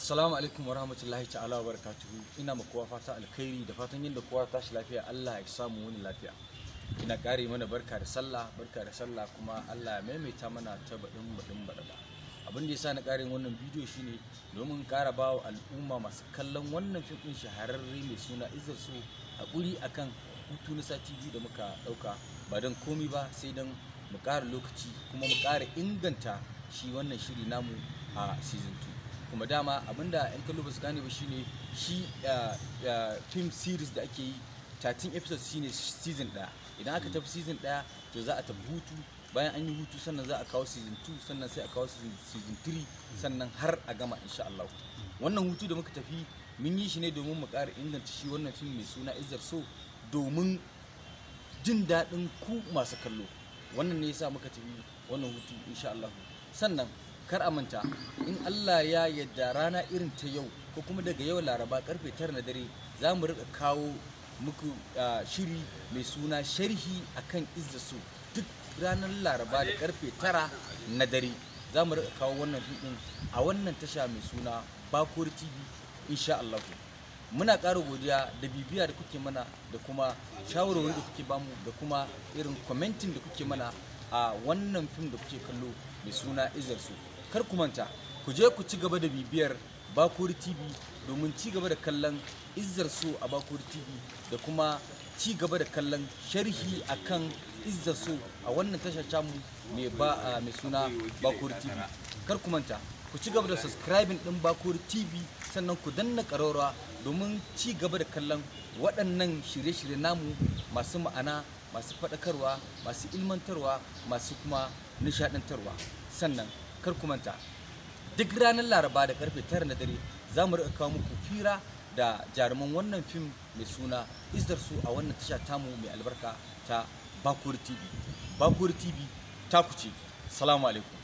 Assalamu alaikum wa rahmatullahi ta'ala wa barakatuhu ina ma kowa fata alkhairi da fatan yadda kowa tashi lafiya Allah ya samu wani lafiya ina kare mana barka da sallah barka da sallah kuma Allah ya maimaita mana ta baɗin baɗin baɗaɗa abin da yasa na kare wannan bidiyo shine domin ƙara ba al'umma masu kallon wannan fim shahararre mai suna izar su haƙuri akan hutu na sati biyu da muka ɗauka ba don komi ba sai don mu ƙara lokaci kuma mu ƙara inganta shi wannan shiri namu a season 2 kuma dama abinda yan kallo ba su gane ba shine shi film series da ake yi 13 episodes shine season ɗaya idan aka tafi season ɗaya to za a tafi hutu bayan an yi hutu sannan za a kawo season 2 sannan sai a kawo season 3 sannan har a gama insha Allah wannan hutu da muka tafi mun yi shi ne domin mu ƙara inganta shi wannan film mai suna Izzar So domin jin daɗin ku masu kallo wannan ne yasa muka tafi wannan hutu insha Allah sannan kar a manta in Allah ya yadda rana irin ta yau ko kuma daga yau laraba karfe tara na dare za mu rika kawo muku shiri mai suna sharhi akan izzasu duk ranar laraba da karfe tara na dare za mu rika kawo wannan fiɗin a wannan tasha mai suna bakor tv insha Allah muna ƙara godiya da bibiya da kuke mana da kuma shawarwari da kuke bamu da kuma irin kwamentin da kuke mana a wannan fim da kuke kallo mai suna izarsu kar ku manta ku je ku ci gaba da bibiyar bakuri tv domin ci gaba da kallon izzar so a bakuri tv da kuma ci gaba da kallon sharhi akan izzar so a wannan tashar camu mai ba a mai suna bakuri tv kar ku manta ku ci gaba da subscribing din bakuri tv sannan ku danna karora domin ci gaba da kallon waɗannan shirye-shirye namu masu ma'ana masu faɗakarwa masu ilmantarwa masu kuma nishaɗantarwa sannan kar ku manta duk ranar laraba da karfe tara na dare za mu rika kawo muku fira da jaruman wannan fim mai suna isdar su a wannan tasha tamu mai albarka ta bakuri tv bakuri tv ta kuce salamu alaikum